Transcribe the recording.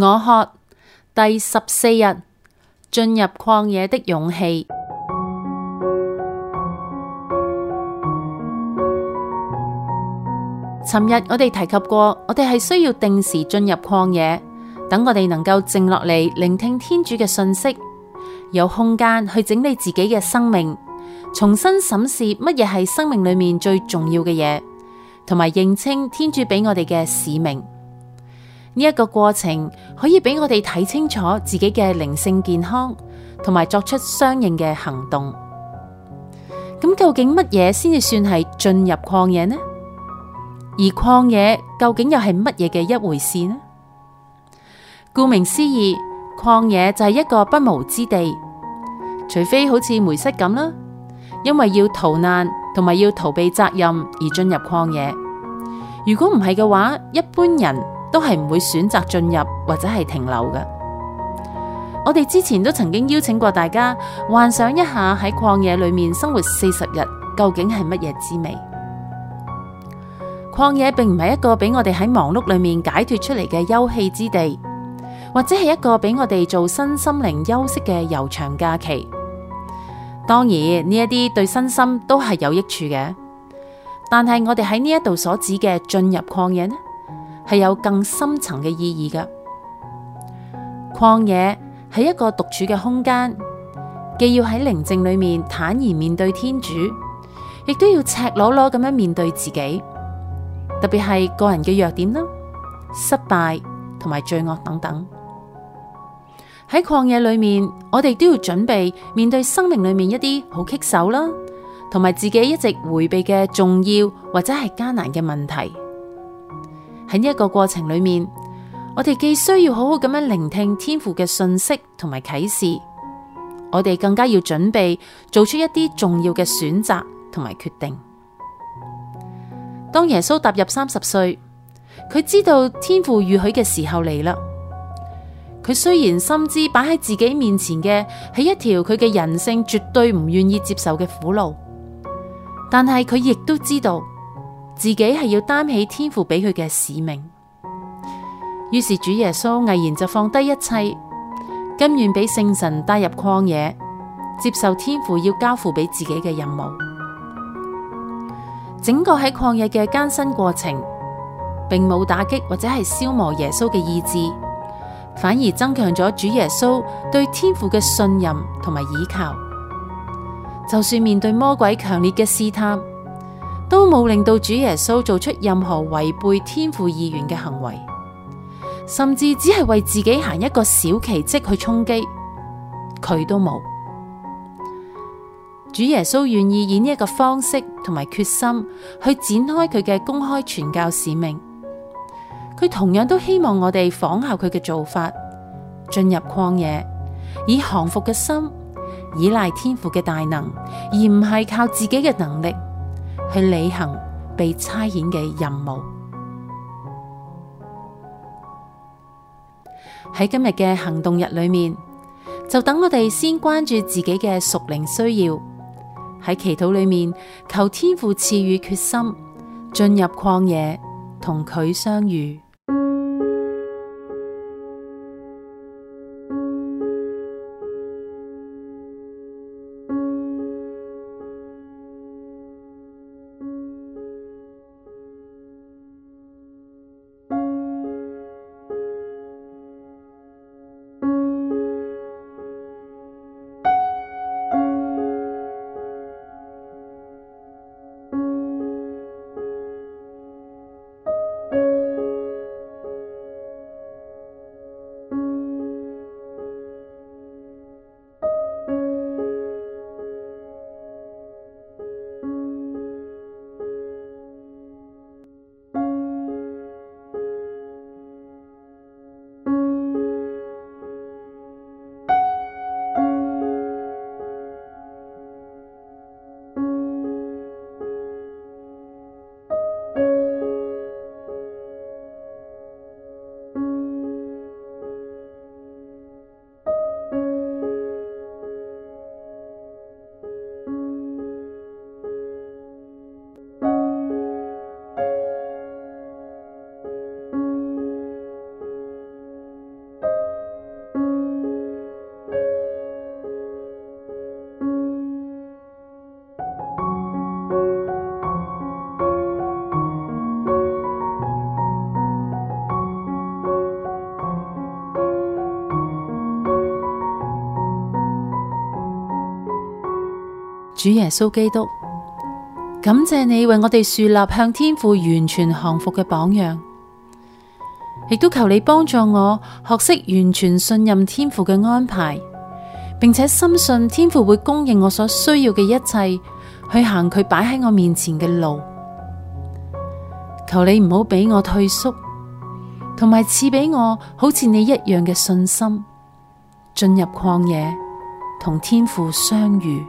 我渴第十四日進入曠野的勇氣。尋日我哋提及過，我哋係需要定時進入曠野，等我哋能夠靜落嚟聆聽天主嘅訊息，有空間去整理自己嘅生命，重新審視乜嘢係生命裏面最重要嘅嘢，同埋認清天主俾我哋嘅使命。呢一個過程可以俾我哋睇清楚自己嘅靈性健康，同埋作出相應嘅行動。咁究竟乜嘢先至算係進入曠野呢？而曠野究竟又係乜嘢嘅一回事呢？顧名思義，曠野就係一個不毛之地，除非好似梅瑟咁啦，因為要逃難同埋要逃避責任而進入曠野。如果唔係嘅話，一般人，都係唔會選擇進入或者係停留嘅。我哋之前都曾經邀請過大家幻想一下喺曠野裏面生活四十日究竟係乜嘢滋味？曠野並唔係一個俾我哋喺忙碌裏面解脫出嚟嘅休憩之地，或者係一個俾我哋做身心靈休息嘅悠長假期。當然呢一啲對身心都係有益處嘅，但係我哋喺呢一度所指嘅進入曠野呢？係有更深層嘅意義㗎。曠野係一個獨處嘅空間，既要喺寧靜裏面坦然面對天主，亦都要赤裸裸咁樣面對自己，特別係個人嘅弱點啦、失敗同埋罪惡等等。喺曠野裏面，我哋都要準備面對生命裏面一啲好棘手啦，同埋自己一直回避嘅重要或者係艱難嘅問題。喺呢一個過程裏面，我哋既需要好好咁樣聆聽天父嘅訊息同埋啟示，我哋更加要準備做出一啲重要嘅選擇同埋決定。當耶穌踏入三十歲，佢知道天父預許嘅時候嚟啦。佢雖然深知擺喺自己面前嘅係一條佢嘅人性絕對唔願意接受嘅苦路，但係佢亦都知道。自己係要擔起天父俾佢嘅使命，於是主耶穌毅然就放低一切，甘願俾聖神帶入曠野，接受天父要交付俾自己嘅任務。整個喺曠野嘅艱辛過程，並冇打擊或者係消磨耶穌嘅意志，反而增強咗主耶穌對天父嘅信任同埋倚靠。就算面對魔鬼強烈嘅試探，都冇令到主耶穌做出任何違背天父意願嘅行為，甚至只係為自己行一個小奇蹟去充飢，佢都冇。主耶穌願意以呢一個方式同埋決心去展開佢嘅公開傳教使命，佢同樣都希望我哋仿效佢嘅做法，進入曠野，以降服嘅心，依賴天父嘅大能，而唔係靠自己嘅能力。去履行被差遣嘅任務。喺今日嘅行動日裏面，就等我哋先關注自己嘅屬靈需要，喺祈禱裏面求天父賜予決心，進入曠野同佢相遇。主耶穌基督，感謝你為我哋樹立向天父完全降服嘅榜樣，亦都求你幫助我學識完全信任天父嘅安排，並且深信天父會供應我所需要嘅一切，去行佢擺喺我面前嘅路。求你唔好俾我退縮，同埋賜俾我好似你一樣嘅信心，進入曠野，同天父相遇。